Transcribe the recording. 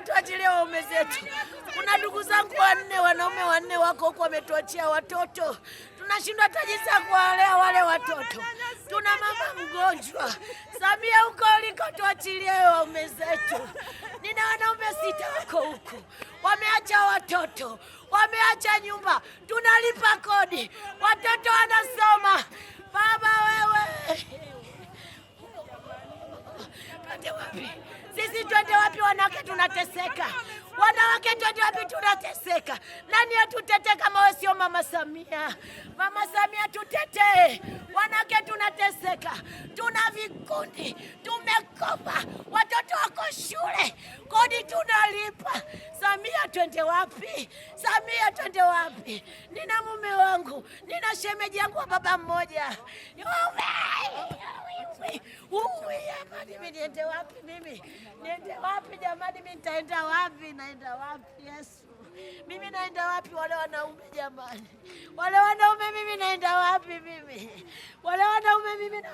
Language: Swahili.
tuachilie waume zetu. Kuna ndugu zangu wanne, wanaume wanne wako huko, wametuachia watoto, tunashindwa hata jinsi ya kuwalea wale watoto. Tuna mama mgonjwa. Samia, huko uliko tuachilie waume zetu. Nina wanaume sita wako huku wameacha watoto, wameacha nyumba, tunalipa kodi, watoto wanasoma. Baba wewe, kati wapi sisi twende wapi? Wanawake tunateseka, wanawake twende wapi? Tunateseka. Nani atutete kama wewe sio mama Samia? Mama Samia tutetee, wanawake tunateseka, tuna vikundi, tumekopa, watoto wako shule, kodi tunalipa. Samia twende wapi? Samia twende wapi? Nina mume wangu, nina shemeji yangu wa baba mmoja Yume! Jamani, mimi niende wapi? Mimi niende wapi jamani? Mimi nitaenda wapi? Naenda wapi Yesu? Mimi naenda wapi? Wale wanaume jamani, wale wanaume, mimi naenda wapi? Mimi wale wanaume, mimi na